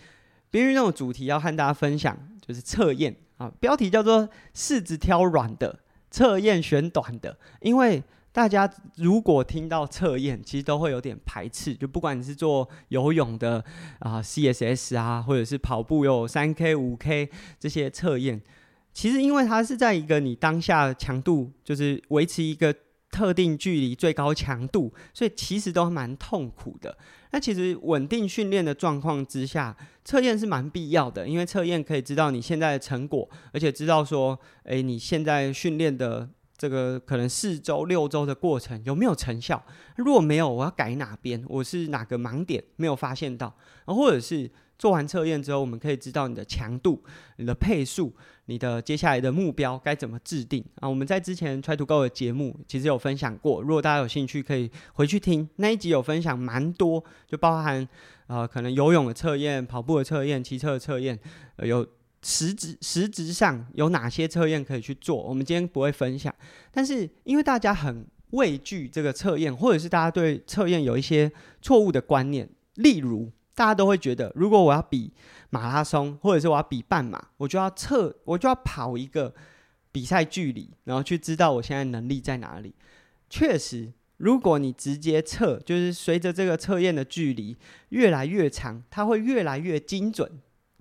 邊運動的主題要和大家分享，就是測驗啊，標題叫做“柿子挑軟的，測驗選短的”，因為。大家如果聽到測驗，其實都會有點排斥。就不管你是做游泳的啊，呃，CSS 啊，或者是跑步有三 K、五 K 這些測驗，其實因為它是在一個你當下強度，就是維持一個特定距離最高強度，所以其實都蠻痛苦的。那其實穩定訓練的狀況之下，測驗是蠻必要的，因為測驗可以知道你現在的成果，而且知道說，哎，欸，你現在訓練的。這個可能四周六周的過程有沒有成效？如果沒有，我要改哪邊？我是哪個盲點沒有發現到、啊？或者是做完測驗之後，我們可以知道你的強度、你的配速、你的接下來的目標該怎麼制定啊？我們在之前 Try to Go 的節目其實有分享過，如果大家有興趣可以回去聽那一集，有分享蠻多，就包含、呃、可能游泳的測驗、跑步的測驗、騎車的測驗，呃、有。實質，實質上有哪些測驗可以去做？我們今天不會分享。但是因為大家很畏懼這個測驗，或者是大家對測驗有一些錯誤的觀念，例如大家都會覺得，如果我要比馬拉松，或者是我要比半馬，我就要測，我就要跑一個比賽距離，然後去知道我現在能力在哪裡。確實，如果你直接測，就是隨着這個測驗的距離越來越長，它會越來越精準。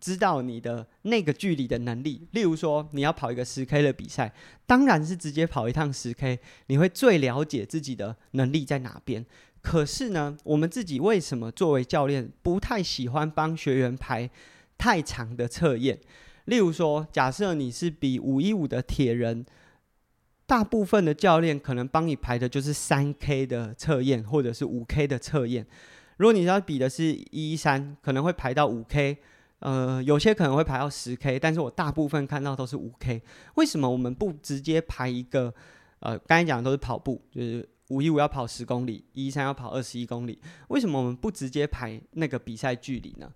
知道你的那個距離的能力，例如說你要跑一個十 K 的比賽，當然是直接跑一趟十 K，你會最了解自己的能力在哪邊。可是呢，我們自己為什麼作為教練不太喜歡幫學員排太長的測驗？例如說，假設你是比五一五的鐵人，大部分的教練可能幫你排的就是三 K 的測驗或者是五 K 的測驗。如果你要比的是一一三，可能會排到五 K。呃，有些可能會排到十 k，但是我大部分看到都是五 k。為什麼我們不直接排一個？呃，剛才講的都是跑步，就是五一五要跑十公里，一一三要跑二十一公里。為什麼我們不直接排那個比賽距離呢？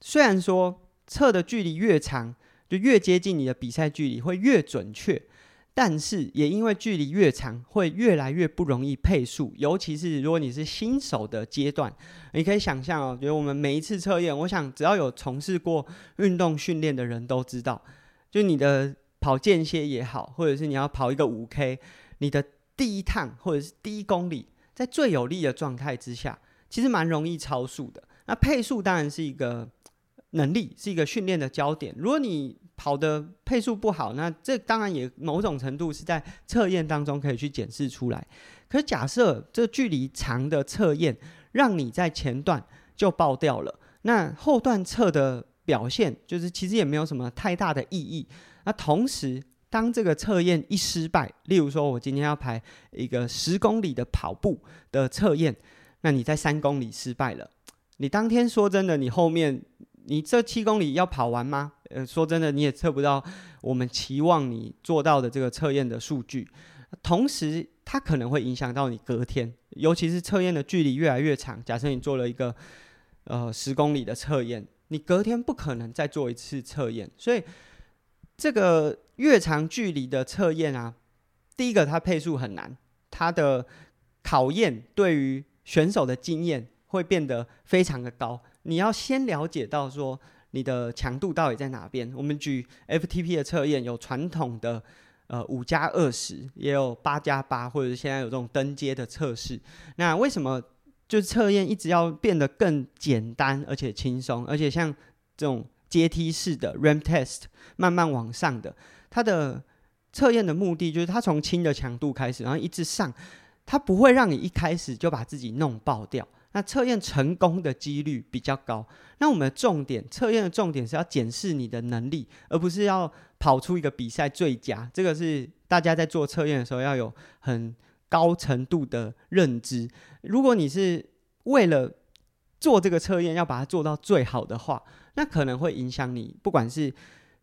雖然說測的距離越長，就越接近你的比賽距離，會越準確。但是也因為距離越長，會越來越不容易配速，尤其是如果你是新手的階段，你可以想象哦，我覺得我們每一次測驗，我想只要有從事過運動訓練的人都知道，就你的跑間歇也好，或者是你要跑一個五 K，你的第一趟或者是第一公里，在最有利的狀態之下，其實蠻容易超速的。那配速當然是一個能力，是一個訓練的焦點。如果你跑的配速不好，那這當然也某種程度是在測驗當中可以去檢視出來。可是假設這距離長的測驗，讓你在前段就爆掉了，那後段測的表現就是其實也沒有什麼太大的意義。那同時，當這個測驗一失敗，例如說我今天要排一個十公里的跑步的測驗，那你在三公里失敗了，你當天說真的，你後面，你這七公里要跑完嗎？呃，說真的，你也測不到我們期望你做到的這個測驗的數據。同時，它可能會影響到你隔天，尤其是測驗的距離越來越長。假設你做了一個呃十公里的測驗，你隔天不可能再做一次測驗。所以，這個越長距離的測驗啊，第一個它配速很難，它的考驗對於選手的經驗會變得非常的高。你要先了解到說你的強度到底在哪邊。我們舉 FTP 的測驗，有傳統的呃五加二十，也有八加八，或者是現在有這種登階的測試。那為什麼就是測驗一直要變得更簡單而且輕鬆，而且像這種階梯式的 ramp test 慢慢往上的，它的測驗的目的就是它從輕的強度開始，然後一直上，它不會讓你一開始就把自己弄爆掉。那測驗成功的幾率比較高。那我們的重點，測驗的重點是要檢視你的能力，而不是要跑出一個比賽最佳。這個是大家在做測驗的時候要有很高程度的認知。如果你是為了做這個測驗要把它做到最好的話，那可能會影響你，不管是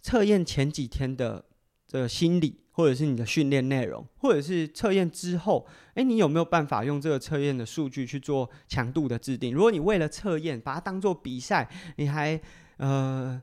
測驗前幾天的這個心理。或者是你的訓練內容，或者是測驗之後，誒、欸，你有沒有辦法用這個測驗的數據去做強度的制定？如果你為了測驗把它當做比賽，你還呃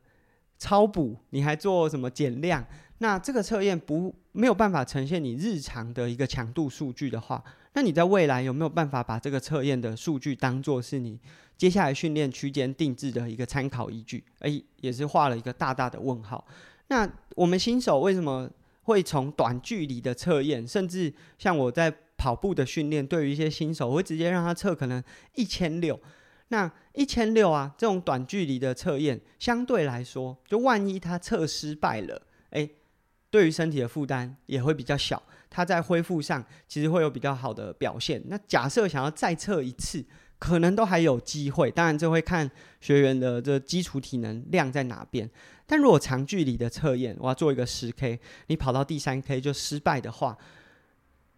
超補，你還做什麽減量？那這個測驗不沒有辦法呈現你日常的一個強度數據的話，那你在未來有沒有辦法把這個測驗的數據當做是你接下來訓練區間定制的一個參考依據？誒、欸，也是畫了一個大大的問號。那我們新手為什麽？會從短距離的測驗，甚至像我在跑步的訓練，對於一些新手，我會直接讓他測可能一千六。那一千六啊，這種短距離的測驗，相對來說，就萬一他測失敗了，誒，對於身體的負擔也會比較小，他在恢復上其實會有比較好的表現。那假設想要再測一次，可能都還有機會。當然，這會看學員的這基礎體能量在哪邊。但如果長距離的測驗，我要做一個十 K，你跑到第三 K 就失敗的話，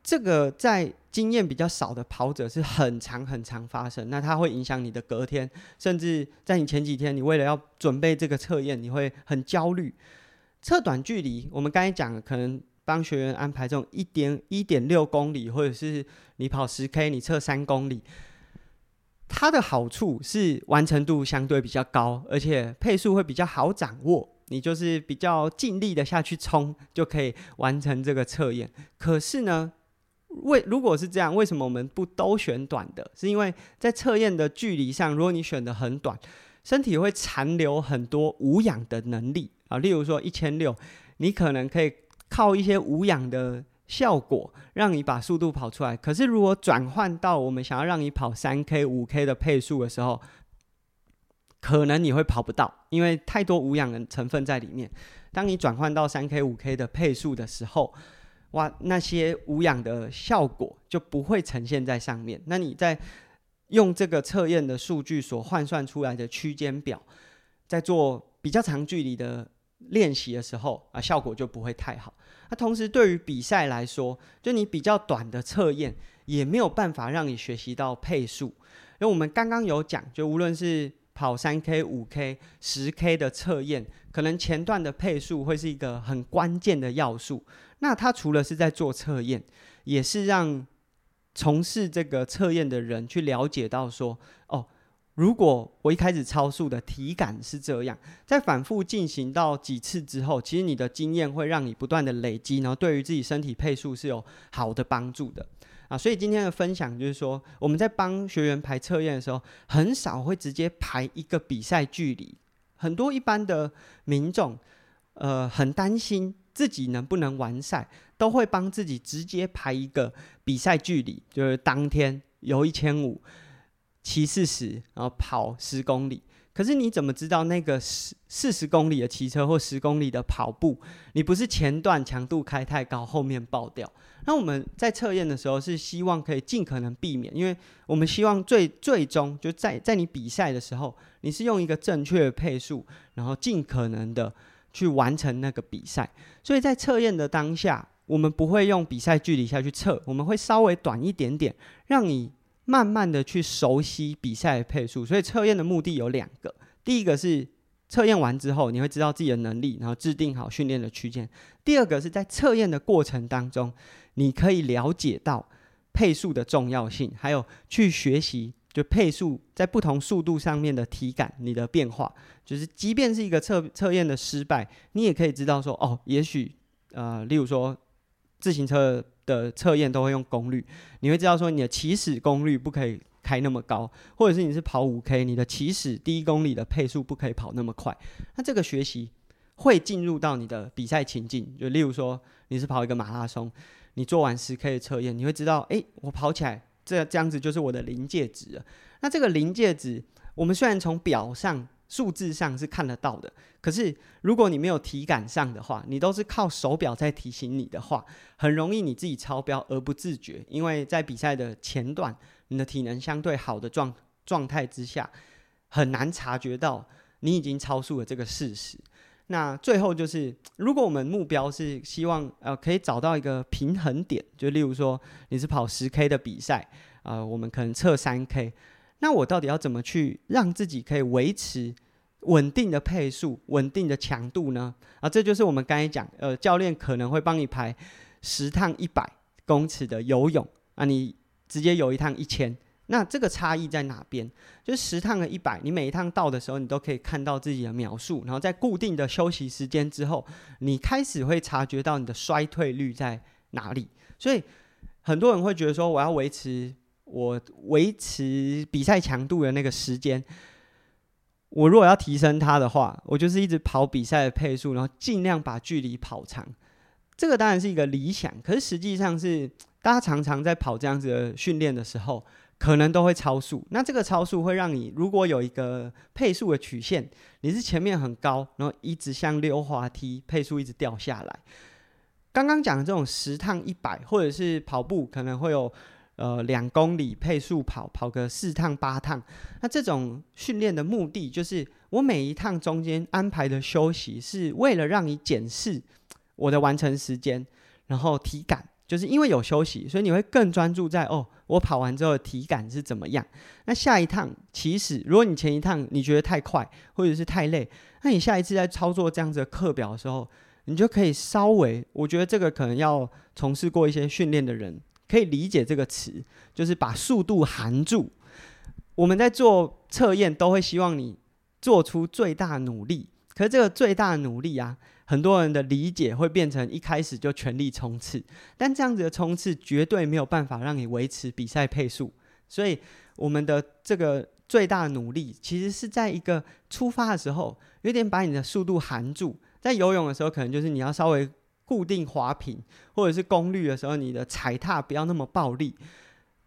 這個在經驗比較少的跑者是很常很常發生。那它會影響你的隔天，甚至在你前幾天，你為了要準備這個測驗，你會很焦慮。測短距離，我們剛才講了，可能幫學員安排這種一點一點六公里，或者是你跑十 K，你測三公里。它的好處是完成度相對比較高，而且配速會比較好掌握。你就是比較盡力的下去衝，就可以完成這個測驗。可是呢，為如果是這樣，為什麼我們不都選短的？是因為在測驗的距離上，如果你選得很短，身體會殘留很多無氧的能力啊。例如說一千六，你可能可以靠一些無氧的。效果讓你把速度跑出來，可是如果轉換到我們想要讓你跑三 K、五 K 的配速的時候，可能你會跑不到，因為太多無氧的成分在裡面。當你轉換到三 K、五 K 的配速的時候，哇，那些無氧的效果就不會呈現在上面。那你在用這個測驗的數據所換算出來的區間表，在做比較長距離的練習的時候啊，效果就不會太好。那同時，對於比賽來說，就你比較短的測驗也沒有辦法讓你學習到配速，因為我們剛剛有講，就無論是跑三 K、五 K、十 K 的測驗，可能前段的配速會是一個很關鍵的要素。那它除了是在做測驗，也是讓從事這個測驗的人去了解到說，哦。如果我一開始超速的體感是這樣，在反覆進行到幾次之後，其實你的經驗會讓你不斷的累積，然後對於自己身體配速是有好的幫助的啊。所以今天的分享就是說，我們在幫學員排測驗的時候，很少會直接排一個比賽距離。很多一般的民眾，呃，很擔心自己能不能完賽，都會幫自己直接排一個比賽距離，就是當天游一千五。騎四十，40, 然後跑十公里。可是你怎麼知道那個十四十公里的騎車或十公里的跑步，你不是前段強度開太高，後面爆掉？那我們在測驗的時候是希望可以盡可能避免，因為我們希望最最終就在在你比賽的時候，你是用一個正確的配速，然後盡可能的去完成那個比賽。所以在測驗的當下，我們不會用比賽距離下去測，我們會稍微短一點點，讓你。慢慢的去熟悉比賽的配速，所以測驗的目的有兩個：第一個是測驗完之後，你會知道自己的能力，然後制定好訓練的區間；第二個是在測驗的過程當中，你可以了解到配速的重要性，還有去學習就配速在不同速度上面的體感，你的變化。就是即便是一個測測驗的失敗，你也可以知道說哦，也許呃，例如說自行車，的測驗都會用功率，你會知道說你的起始功率不可以開那麼高，或者是你是跑五 K，你的起始第一公里的配速不可以跑那麼快。那這個學習會進入到你的比賽情境，就例如說你是跑一個馬拉松，你做完十 K 的測驗，你會知道，哎、欸，我跑起來這這樣子就是我的臨界值了。那這個臨界值，我們雖然從表上。數字上是看得到的，可是如果你沒有體感上的話，你都是靠手錶在提醒你的話，很容易你自己超標而不自覺。因為在比賽的前段，你的體能相對好的狀狀態之下，很難察覺到你已經超速了這個事實。那最後就是，如果我們目標是希望呃可以找到一個平衡點，就例如說你是跑十 K 的比賽，啊、呃，我們可能測三 K。那我到底要怎麼去讓自己可以維持穩定的配速、穩定的強度呢？啊，這就是我們剛才講，呃，教練可能會幫你排十趟一百公尺的游泳，啊，你直接游一趟一千，那這個差異在哪邊？就是十趟的一百，你每一趟到的時候，你都可以看到自己的秒數，然後在固定的休息時間之後，你開始會察覺到你的衰退率在哪裡。所以很多人會覺得說，我要維持。我維持比賽強度的那個時間，我如果要提升它的話，我就是一直跑比賽的配速，然後盡量把距離跑長。這個當然是一個理想，可是實際上是大家常常在跑這樣子的訓練的時候，可能都會超速。那這個超速會讓你，如果有一個配速的曲線，你是前面很高，然後一直像溜滑梯，配速一直掉下來。剛剛講的這種十趟一百，或者是跑步，可能會有。呃，兩公里配速跑，跑個四趟八趟。那這種訓練的目的，就是我每一趟中間安排的休息，是為了讓你檢視我的完成時間，然後體感。就是因為有休息，所以你會更專注在哦，我跑完之後的體感是怎麼樣。那下一趟，其實如果你前一趟你覺得太快或者是太累，那你下一次在操作這樣子的課表的時候，你就可以稍微，我覺得這個可能要從事過一些訓練的人。可以理解這個詞，就是把速度含住。我們在做測驗，都會希望你做出最大努力。可是這個最大努力啊，很多人的理解會變成一開始就全力衝刺。但這樣子的衝刺，絕對沒有辦法讓你維持比賽配速。所以我們的這個最大努力，其實是在一個出發的時候，有點把你的速度含住。在游泳的時候，可能就是你要稍微。固定划頻或者是功率的時候，你的踩踏不要那麼暴力。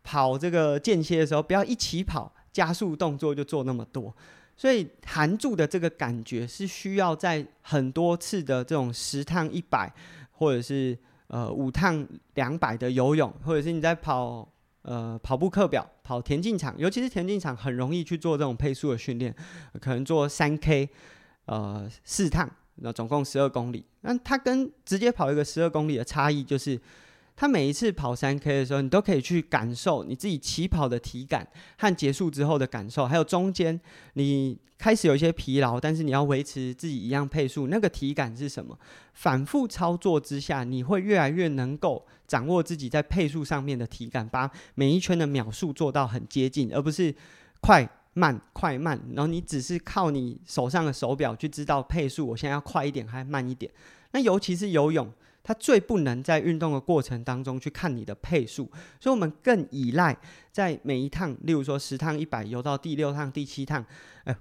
跑這個間歇的時候，不要一起跑，加速動作就做那麼多。所以，含住的這個感覺是需要在很多次的這種十趟一百，或者是呃五趟兩百的游泳，或者是你在跑呃跑步課表跑田徑場，尤其是田徑場很容易去做這種配速的訓練，可能做三 K，呃四趟。那總共十二公里，那它跟直接跑一個十二公里的差異就是，它每一次跑三 K 的時候，你都可以去感受你自己起跑的體感和結束之後的感受，還有中間你開始有一些疲勞，但是你要維持自己一樣配速，那個體感是什麼？反復操作之下，你會越來越能夠掌握自己在配速上面的體感，把每一圈的秒數做到很接近，而不是快，慢快慢，然後你只是靠你手上的手錶去知道配速，我現在要快一點還是慢一點？那尤其是游泳，它最不能在運動的過程當中去看你的配速，所以我們更依賴在每一趟，例如說十趟一百游到第六趟、第七趟，哎、呃，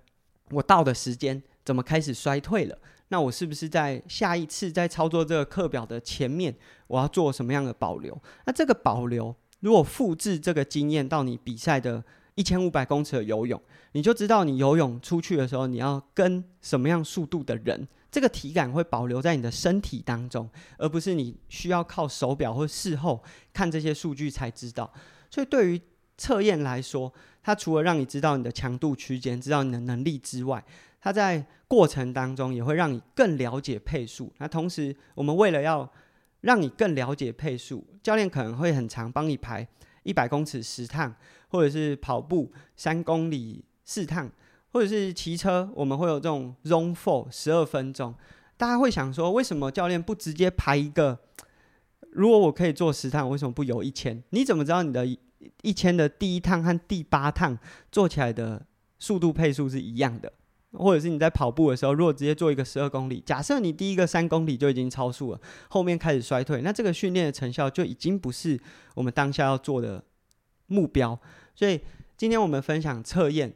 我到的時間怎麼開始衰退了？那我是不是在下一次在操作這個課表的前面，我要做什麼樣的保留？那這個保留如果複製這個經驗到你比賽的，一千五百公尺的游泳，你就知道你游泳出去的時候，你要跟什麼樣速度的人，這個體感會保留在你的身體當中，而不是你需要靠手錶或事後看這些數據才知道。所以對於測驗來說，它除了讓你知道你的強度區間、知道你的能力之外，它在過程當中也會讓你更了解配速。那同時，我們為了要讓你更了解配速，教練可能會很常幫你排。一百公尺十趟，或者是跑步三公里四趟，或者是騎車，我們會有這種 Zone 4十二分鐘。大家會想說，為什麼教練不直接排一個？如果我可以做十趟，為什麼不游一千？你怎麼知道你的一千的第一趟和第八趟做起來的速度配速是一樣的？或者是你在跑步的時候，如果直接做一個十二公里，假設你第一個三公里就已經超速了，後面開始衰退，那這個訓練的成效就已經不是我們當下要做的目標。所以今天我們分享測驗，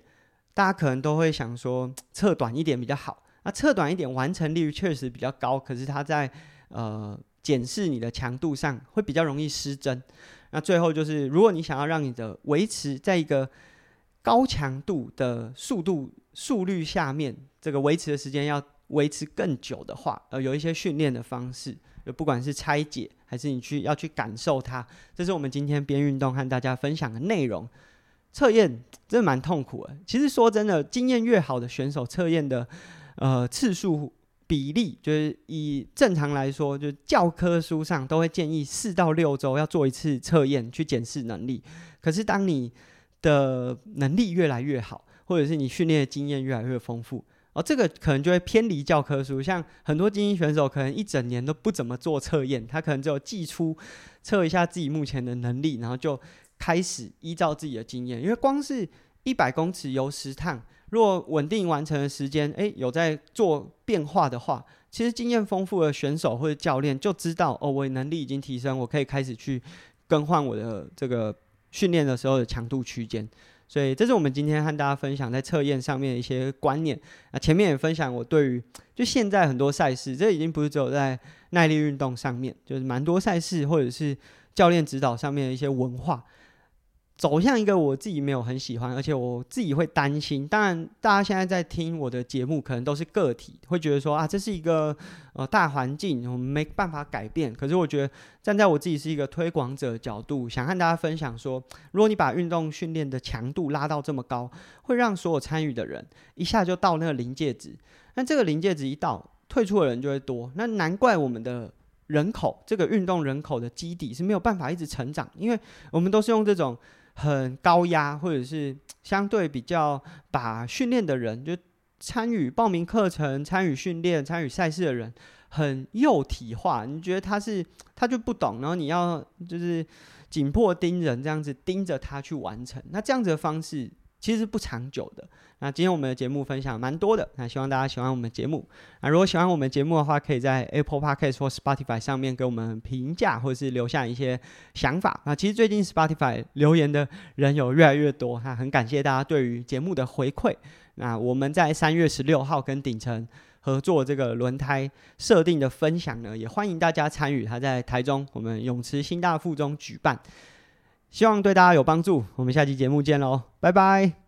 大家可能都會想說測短一點比較好。那測短一點完成率確實比較高，可是它在呃檢視你的強度上會比較容易失真。那最後就是，如果你想要讓你的維持在一個高強度的速度速率下面，這個維持的時間要維持更久的話，呃，有一些訓練的方式，就不管是拆解還是你去要去感受它，這是我們今天邊運動和大家分享的內容。測驗真的蠻痛苦的。其實說真的，經驗越好的選手的，測驗的呃次數比例，就是以正常來說，就教科書上都會建議四到六周要做一次測驗去檢視能力。可是當你的能力越來越好，或者是你訓練的經驗越來越豐富，而、哦、這個可能就會偏離教科書。像很多精英選手，可能一整年都不怎麼做測驗，他可能就季初測一下自己目前的能力，然後就開始依照自己的經驗。因為光是一百公尺游十趟，如果穩定完成的時間，誒，有在做變化的話，其實經驗豐富的選手或者教練就知道，哦，我的能力已經提升，我可以開始去更換我的這個。訓練的時候的強度區間，所以這是我們今天和大家分享在測驗上面的一些觀念。那前面也分享我對於就現在很多賽事，這已經不是只有在耐力運動上面，就是蠻多賽事或者是教練指導上面的一些文化。走向一個我自己沒有很喜歡，而且我自己會擔心。當然，大家現在在聽我的節目，可能都是個體，會覺得說啊，這是一個呃大環境，我們沒辦法改變。可是我覺得，站在我自己是一個推廣者的角度，想和大家分享說，如果你把運動訓練的強度拉到這麼高，會讓所有參與的人一下就到那個臨界值。那這個臨界值一到，退出的人就會多。那難怪我們的人口，這個運動人口的基底是沒有辦法一直成長，因為我們都是用這種。很高壓，或者是相對比較把訓練的人，就參與報名課程、參與訓練、參與賽事的人，很幼體化。你覺得他是他就不懂，然後你要就是緊迫盯人，這樣子盯着他去完成，那這樣子的方式。其實不長久的。那今天我們的節目分享蠻多的，那希望大家喜歡我們節目。那如果喜歡我們節目的話，可以在 Apple Podcast 或 Spotify 上面給我們評價，或者是留下一些想法。那其實最近 Spotify 留言的人有越來越多，哈，很感謝大家對於節目的回饋。那我們在三月十六號跟頂層合作這個輪胎設定的分享呢，也歡迎大家參與，它在台中我們泳池新大附中舉辦。希望對大家有幫助，我們下期節目見嘍，拜拜！